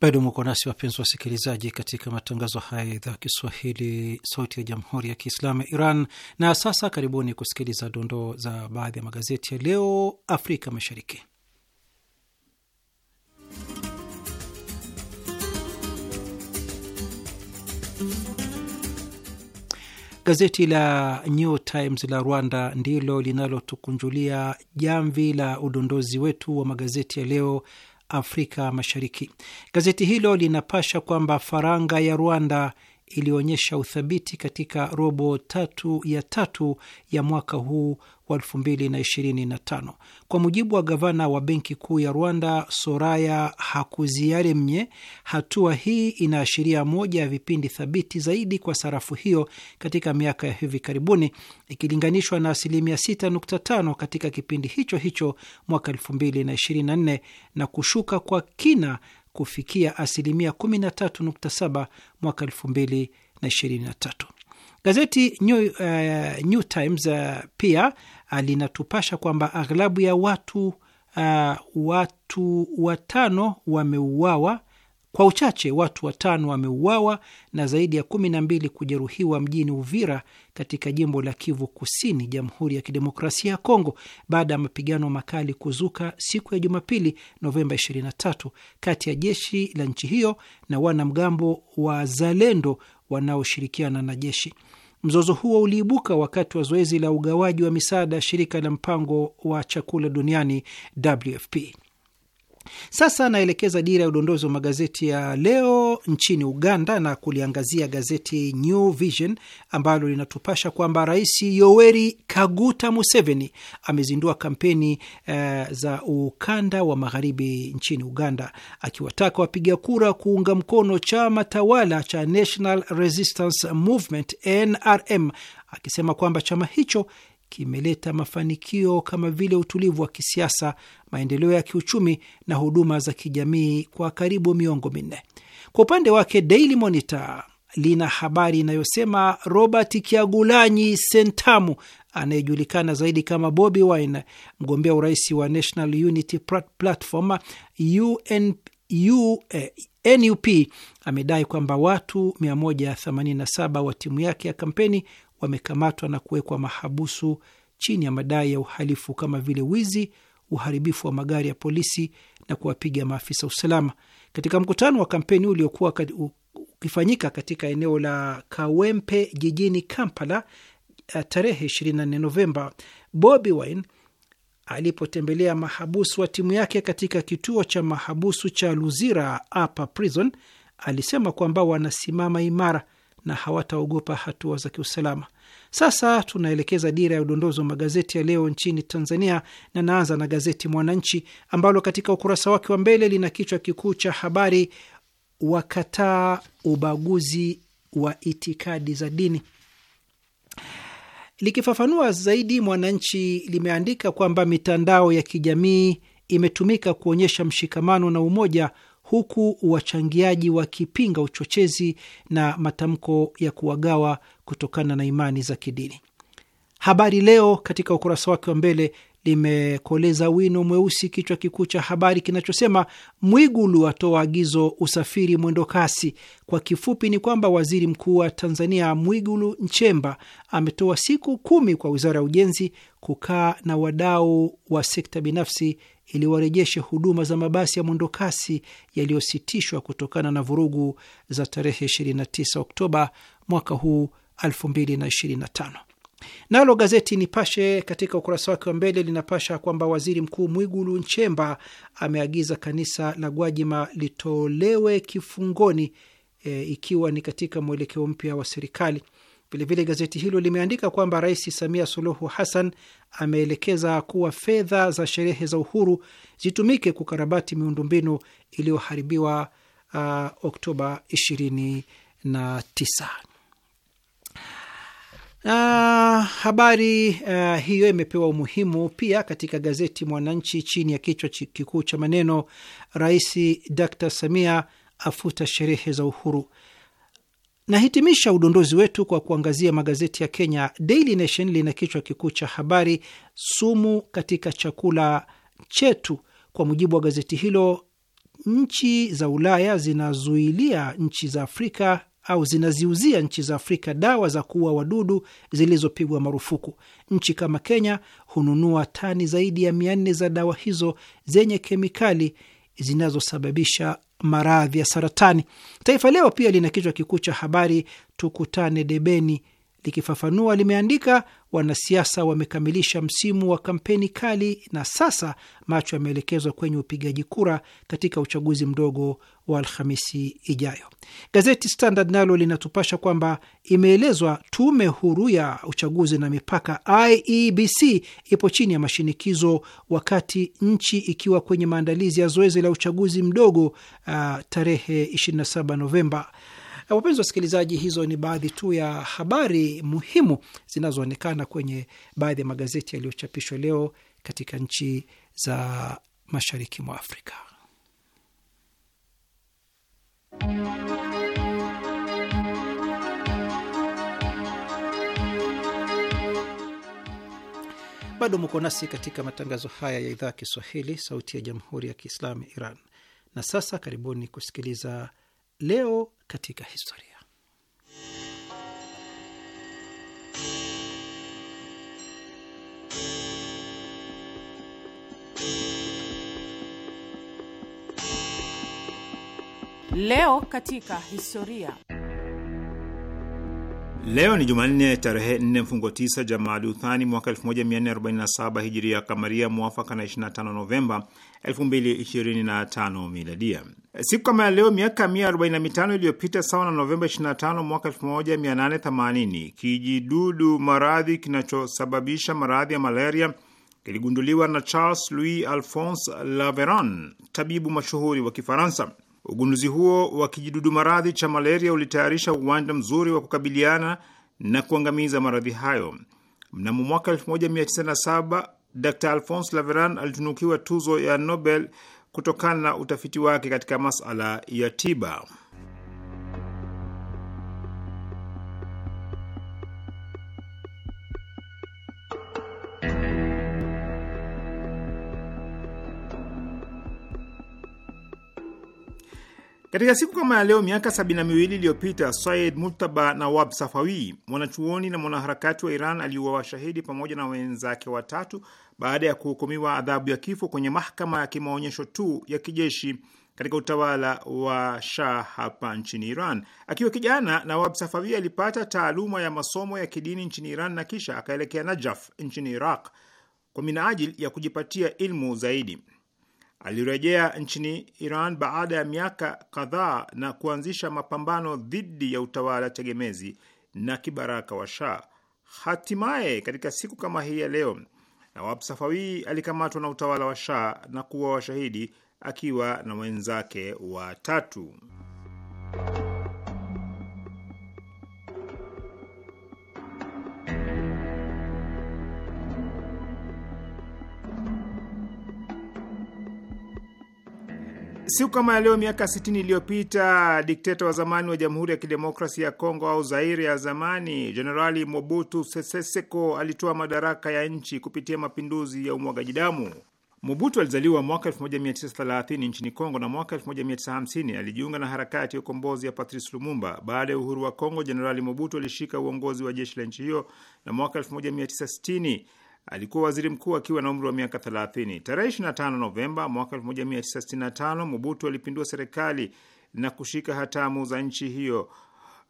Bado muko nasi wapenzi wasikilizaji, katika matangazo haya ya idhaa Kiswahili sauti ya jamhuri ya kiislamu ya Iran. Na sasa karibuni kusikiliza dondoo za baadhi ya magazeti ya leo Afrika Mashariki. Gazeti la New Times la Rwanda ndilo linalotukunjulia jamvi la udondozi wetu wa magazeti ya leo Afrika Mashariki. Gazeti hilo linapasha kwamba faranga ya Rwanda ilionyesha uthabiti katika robo tatu ya tatu ya mwaka huu wa 2025. Kwa mujibu wa gavana wa benki kuu ya Rwanda, Soraya Hakuziyaremye, hatua hii inaashiria moja ya vipindi thabiti zaidi kwa sarafu hiyo katika miaka ya hivi karibuni ikilinganishwa na asilimia 6.5 katika kipindi hicho hicho mwaka 2024 na kushuka kwa kina kufikia asilimia 13.7 mwaka 2023. Gazeti New, uh, New Times uh, pia Ah, linatupasha kwamba aghlabu ya watu uh, watu watano wameuawa kwa uchache, watu watano wameuawa na zaidi ya kumi na mbili kujeruhiwa mjini Uvira katika jimbo la Kivu Kusini, Jamhuri ya Kidemokrasia ya Kongo, baada ya mapigano makali kuzuka siku ya Jumapili, Novemba 23 kati ya jeshi la nchi hiyo na wanamgambo wa Zalendo wanaoshirikiana na jeshi Mzozo huo uliibuka wakati wa zoezi la ugawaji wa misaada ya shirika la mpango wa chakula duniani WFP. Sasa anaelekeza dira ya udondozi wa magazeti ya leo nchini Uganda na kuliangazia gazeti New Vision ambalo linatupasha kwamba Rais Yoweri Kaguta Museveni amezindua kampeni uh, za ukanda wa magharibi nchini Uganda akiwataka wapiga kura kuunga mkono chama tawala cha National Resistance Movement NRM akisema kwamba chama hicho kimeleta mafanikio kama vile utulivu wa kisiasa, maendeleo ya kiuchumi na huduma za kijamii kwa karibu miongo minne. Kwa upande wake, Daily Monitor lina habari inayosema Robert Kyagulanyi Sentamu anayejulikana zaidi kama Bobi Wine, mgombea urais wa National Unity Platform UN, U, eh, NUP amedai kwamba watu 187 wa timu yake ya kampeni wamekamatwa na kuwekwa mahabusu chini ya madai ya uhalifu kama vile wizi, uharibifu wa magari ya polisi na kuwapiga maafisa usalama. Katika mkutano wa kampeni uliokuwa ukifanyika katika eneo la Kawempe jijini Kampala uh, tarehe 24 Novemba, Bobi Wine alipotembelea mahabusu wa timu yake katika kituo cha mahabusu cha Luzira Upper Prison, alisema kwamba wanasimama imara na hawataogopa hatua za kiusalama. Sasa tunaelekeza dira ya udondozi wa magazeti ya leo nchini Tanzania, na naanza na gazeti Mwananchi ambalo katika ukurasa wake wa mbele lina kichwa kikuu cha habari, wakataa ubaguzi wa itikadi za dini. Likifafanua zaidi, Mwananchi limeandika kwamba mitandao ya kijamii imetumika kuonyesha mshikamano na umoja huku wachangiaji wakipinga uchochezi na matamko ya kuwagawa kutokana na imani za kidini. Habari Leo katika ukurasa wake wa mbele limekoleza wino mweusi kichwa kikuu cha habari kinachosema Mwigulu atoa agizo usafiri mwendo kasi. Kwa kifupi ni kwamba waziri mkuu wa Tanzania Mwigulu Nchemba ametoa siku kumi kwa wizara ya ujenzi kukaa na wadau wa sekta binafsi ili warejeshe huduma za mabasi ya mwendokasi yaliyositishwa kutokana na vurugu za tarehe 29 Oktoba mwaka huu 2025. Nalo gazeti Nipashe katika ukurasa wake wa mbele linapasha kwamba waziri mkuu Mwigulu Nchemba ameagiza kanisa la Gwajima litolewe kifungoni, e, ikiwa ni katika mwelekeo mpya wa serikali. Vilevile gazeti hilo limeandika kwamba Rais Samia Suluhu Hassan ameelekeza kuwa fedha za sherehe za uhuru zitumike kukarabati miundombinu iliyoharibiwa uh, Oktoba 29. Uh, habari uh, hiyo imepewa umuhimu pia katika gazeti Mwananchi chini ya kichwa kikuu cha maneno Rais Dr. Samia afuta sherehe za uhuru. Nahitimisha udondozi wetu kwa kuangazia magazeti ya Kenya. Daily Nation lina kichwa kikuu cha habari, sumu katika chakula chetu. Kwa mujibu wa gazeti hilo, nchi za Ulaya zinazuilia nchi za Afrika au zinaziuzia nchi za Afrika dawa za kuua wadudu zilizopigwa marufuku. Nchi kama Kenya hununua tani zaidi ya mia nne za dawa hizo zenye kemikali zinazosababisha maradhi ya saratani. Taifa Leo pia lina kichwa kikuu cha habari tukutane debeni, likifafanua limeandika Wanasiasa wamekamilisha msimu wa kampeni kali na sasa macho yameelekezwa kwenye upigaji kura katika uchaguzi mdogo wa Alhamisi ijayo. Gazeti Standard nalo linatupasha kwamba imeelezwa tume huru ya uchaguzi na mipaka IEBC ipo chini ya mashinikizo wakati nchi ikiwa kwenye maandalizi ya zoezi la uchaguzi mdogo uh, tarehe 27 Novemba. Wapenzi wasikilizaji, hizo ni baadhi tu ya habari muhimu zinazoonekana kwenye baadhi ya magazeti yaliyochapishwa leo katika nchi za mashariki mwa Afrika. Bado muko nasi katika matangazo haya ya idhaa ya Kiswahili, sauti ya jamhuri ya kiislamu ya Iran. Na sasa karibuni kusikiliza Leo katika historia. Leo katika historia. Leo ni Jumanne tarehe 4 mfungo 9 Jamaaduthani mwaka 1447 hijiria kamaria mwafaka na 25 Novemba 2025 miladia. Siku kama ya leo miaka 145 iliyopita, sawa na Novemba 25 mwaka 1880, kijidudu maradhi kinachosababisha maradhi ya malaria kiligunduliwa na Charles Louis Alphonse Laveran, tabibu mashuhuri wa Kifaransa. Ugunduzi huo wa kijidudu maradhi cha malaria ulitayarisha uwanja mzuri wa kukabiliana na kuangamiza maradhi hayo. Mnamo mwaka 197 Dr Alphonse Laveran alitunukiwa tuzo ya Nobel kutokana na utafiti wake katika masala ya tiba. Katika siku kama ya leo miaka sabini na miwili iliyopita Said multaba Nawab Safawi, mwanachuoni na mwanaharakati wa Iran, aliuawa shahidi pamoja na wenzake watatu baada ya kuhukumiwa adhabu ya kifo kwenye mahakama ya kimaonyesho tu ya kijeshi katika utawala wa Shah hapa nchini Iran. Akiwa kijana, Nawab Safawi alipata taaluma ya masomo ya kidini nchini Iran na kisha akaelekea Najaf nchini Iraq kwa minajili ya kujipatia ilmu zaidi. Alirejea nchini Iran baada ya miaka kadhaa na kuanzisha mapambano dhidi ya utawala tegemezi na kibaraka wa Shah. Hatimaye katika siku kama hii ya leo, Nawab Safawi alikamatwa na utawala wa Shah na kuwa washahidi akiwa na wenzake watatu. Siku kama leo miaka 60 iliyopita dikteta wa zamani wa Jamhuri ya Kidemokrasia ya Kongo au Zaire ya zamani, Jenerali Mobutu Sese Seko alitoa madaraka ya nchi kupitia mapinduzi ya umwagaji damu. Mobutu alizaliwa mwaka 1930 nchini Kongo na mwaka 1950 alijiunga na harakati ya ukombozi ya Patrice Lumumba. Baada ya uhuru wa Kongo, Jenerali Mobutu alishika uongozi wa jeshi la nchi hiyo na mwaka 1960 alikuwa waziri mkuu akiwa na umri wa miaka 30. Tarehe 25 Novemba mwaka 1965 Mobutu alipindua serikali na kushika hatamu za nchi hiyo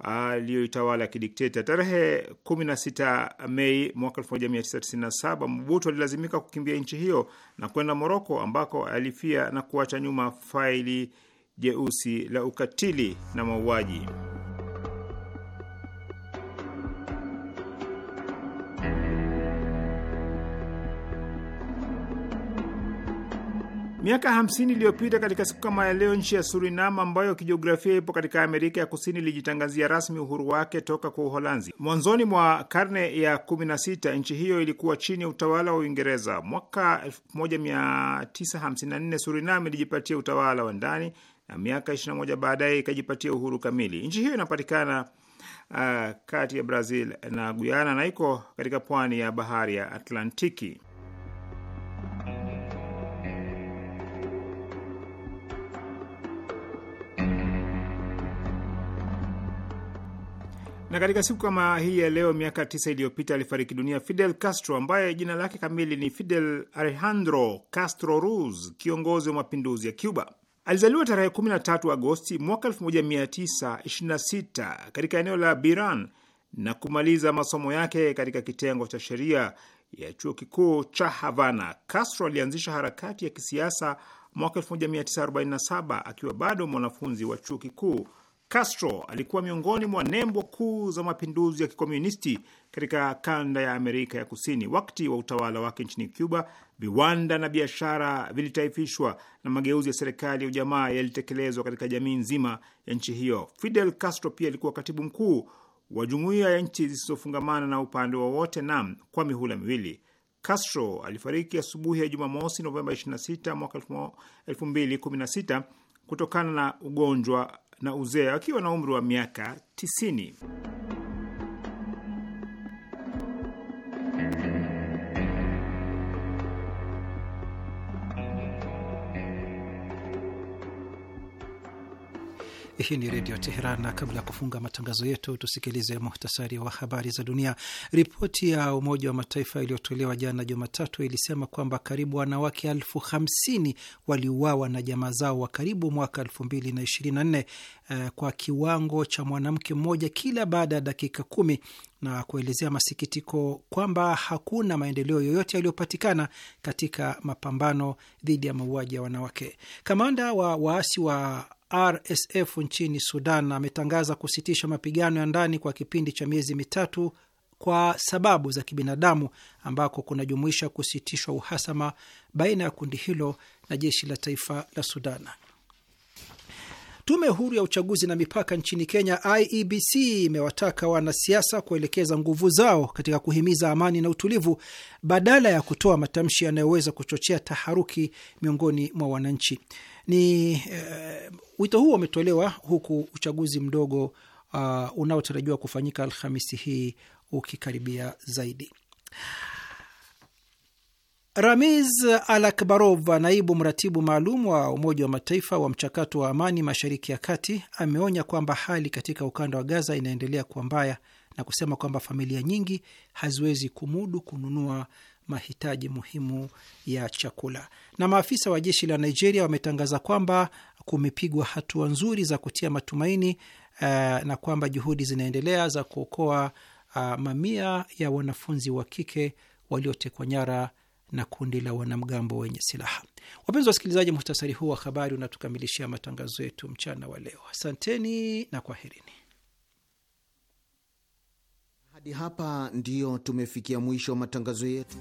ah, aliyoitawala kidikteta. Tarehe 16 Mei mwaka 1997 Mobutu alilazimika kukimbia nchi hiyo na kwenda Moroko ambako alifia na kuacha nyuma faili jeusi la ukatili na mauaji. Miaka 50 iliyopita katika siku kama ya leo, nchi ya Surinam ambayo kijiografia ipo katika Amerika ya Kusini ilijitangazia rasmi uhuru wake toka kwa Uholanzi. Mwanzoni mwa karne ya 16 nchi hiyo ilikuwa chini ya utawala wa Uingereza. Mwaka 1954 Surinam ilijipatia utawala wa ndani na miaka 21 baadaye ikajipatia uhuru kamili. Nchi hiyo inapatikana uh, kati ya Brazil na Guyana na iko katika pwani ya bahari ya Atlantiki. Na katika siku kama hii ya leo miaka tisa iliyopita alifariki dunia Fidel Castro ambaye jina lake kamili ni Fidel Alejandro Castro Ruz, kiongozi wa mapinduzi ya Cuba. Alizaliwa tarehe 13 Agosti mwaka 1926 katika eneo la Biran na kumaliza masomo yake katika kitengo cha sheria ya chuo kikuu cha Havana. Castro alianzisha harakati ya kisiasa mwaka 1947 akiwa bado mwanafunzi wa chuo kikuu Castro alikuwa miongoni mwa nembo kuu za mapinduzi ya kikomunisti katika kanda ya Amerika ya Kusini. Wakati wa utawala wake nchini Cuba, viwanda na biashara vilitaifishwa na mageuzi ya serikali ya ujamaa yalitekelezwa katika jamii nzima ya nchi hiyo. Fidel Castro pia alikuwa katibu mkuu wa Jumuiya ya Nchi Zisizofungamana na upande wowote nam kwa mihula miwili. Castro alifariki asubuhi ya, ya Jumamosi Novemba 26 mwaka 2016 kutokana na ugonjwa na uzee akiwa na umri wa miaka tisini. Hii ni Redio Teheran, na kabla ya kufunga matangazo yetu tusikilize muhtasari wa habari za dunia. Ripoti ya Umoja wa Mataifa iliyotolewa jana Jumatatu ilisema kwamba karibu wanawake elfu hamsini waliuawa na jamaa zao wa karibu mwaka elfu mbili na ishirini na nne Eh, kwa kiwango cha mwanamke mmoja kila baada ya dakika kumi na kuelezea masikitiko kwamba hakuna maendeleo yoyote yaliyopatikana katika mapambano dhidi ya mauaji ya wanawake. Kamanda wa waasi wa RSF nchini Sudan ametangaza kusitisha mapigano ya ndani kwa kipindi cha miezi mitatu kwa sababu za kibinadamu ambako kunajumuisha kusitishwa uhasama baina ya kundi hilo na jeshi la taifa la Sudan. Tume huru ya uchaguzi na mipaka nchini Kenya, IEBC, imewataka wanasiasa kuelekeza nguvu zao katika kuhimiza amani na utulivu badala ya kutoa matamshi yanayoweza kuchochea taharuki miongoni mwa wananchi. Ni uh, wito huo umetolewa huku uchaguzi mdogo uh, unaotarajiwa kufanyika Alhamisi hii ukikaribia zaidi. Ramiz Alakbarov, naibu mratibu maalum wa Umoja wa Mataifa wa mchakato wa amani Mashariki ya Kati, ameonya kwamba hali katika ukanda wa Gaza inaendelea kuwa mbaya na kusema kwamba familia nyingi haziwezi kumudu kununua mahitaji muhimu ya chakula. Na maafisa wa jeshi la Nigeria wametangaza kwamba kumepigwa hatua nzuri za kutia matumaini uh, na kwamba juhudi zinaendelea za kuokoa uh, mamia ya wanafunzi wa kike waliotekwa nyara na kundi la wanamgambo wenye silaha. Wapenzi wasikilizaji, muhtasari huu wa habari unatukamilishia matangazo yetu mchana wa leo. Asanteni na kwaherini. Hadi hapa ndiyo tumefikia mwisho wa matangazo yetu.